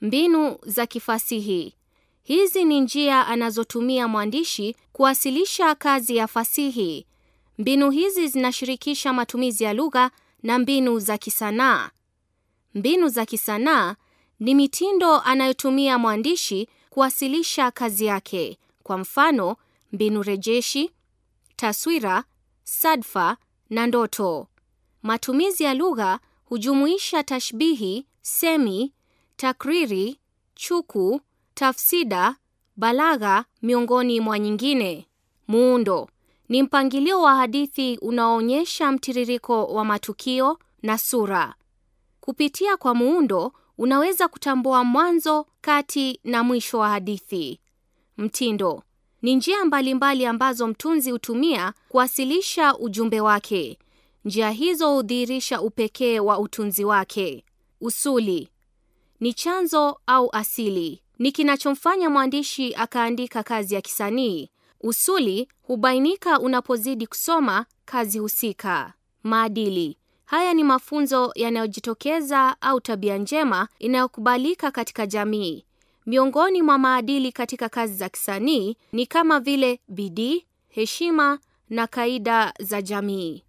Mbinu za kifasihi. Hizi ni njia anazotumia mwandishi kuwasilisha kazi ya fasihi. Mbinu hizi zinashirikisha matumizi ya lugha na mbinu za kisanaa. Mbinu za kisanaa ni mitindo anayotumia mwandishi kuwasilisha kazi yake. Kwa mfano, mbinu rejeshi, taswira, sadfa na ndoto. Matumizi ya lugha hujumuisha tashbihi, semi takriri, chuku, tafsida, balagha, miongoni mwa nyingine. Muundo ni mpangilio wa hadithi unaoonyesha mtiririko wa matukio na sura. Kupitia kwa muundo, unaweza kutambua mwanzo, kati na mwisho wa hadithi. Mtindo ni njia mbalimbali ambazo mtunzi hutumia kuwasilisha ujumbe wake. Njia hizo hudhihirisha upekee wa utunzi wake. Usuli ni chanzo au asili, ni kinachomfanya mwandishi akaandika kazi ya kisanii. Usuli hubainika unapozidi kusoma kazi husika. Maadili haya ni mafunzo yanayojitokeza au tabia njema inayokubalika katika jamii. Miongoni mwa maadili katika kazi za kisanii ni kama vile bidii, heshima na kaida za jamii.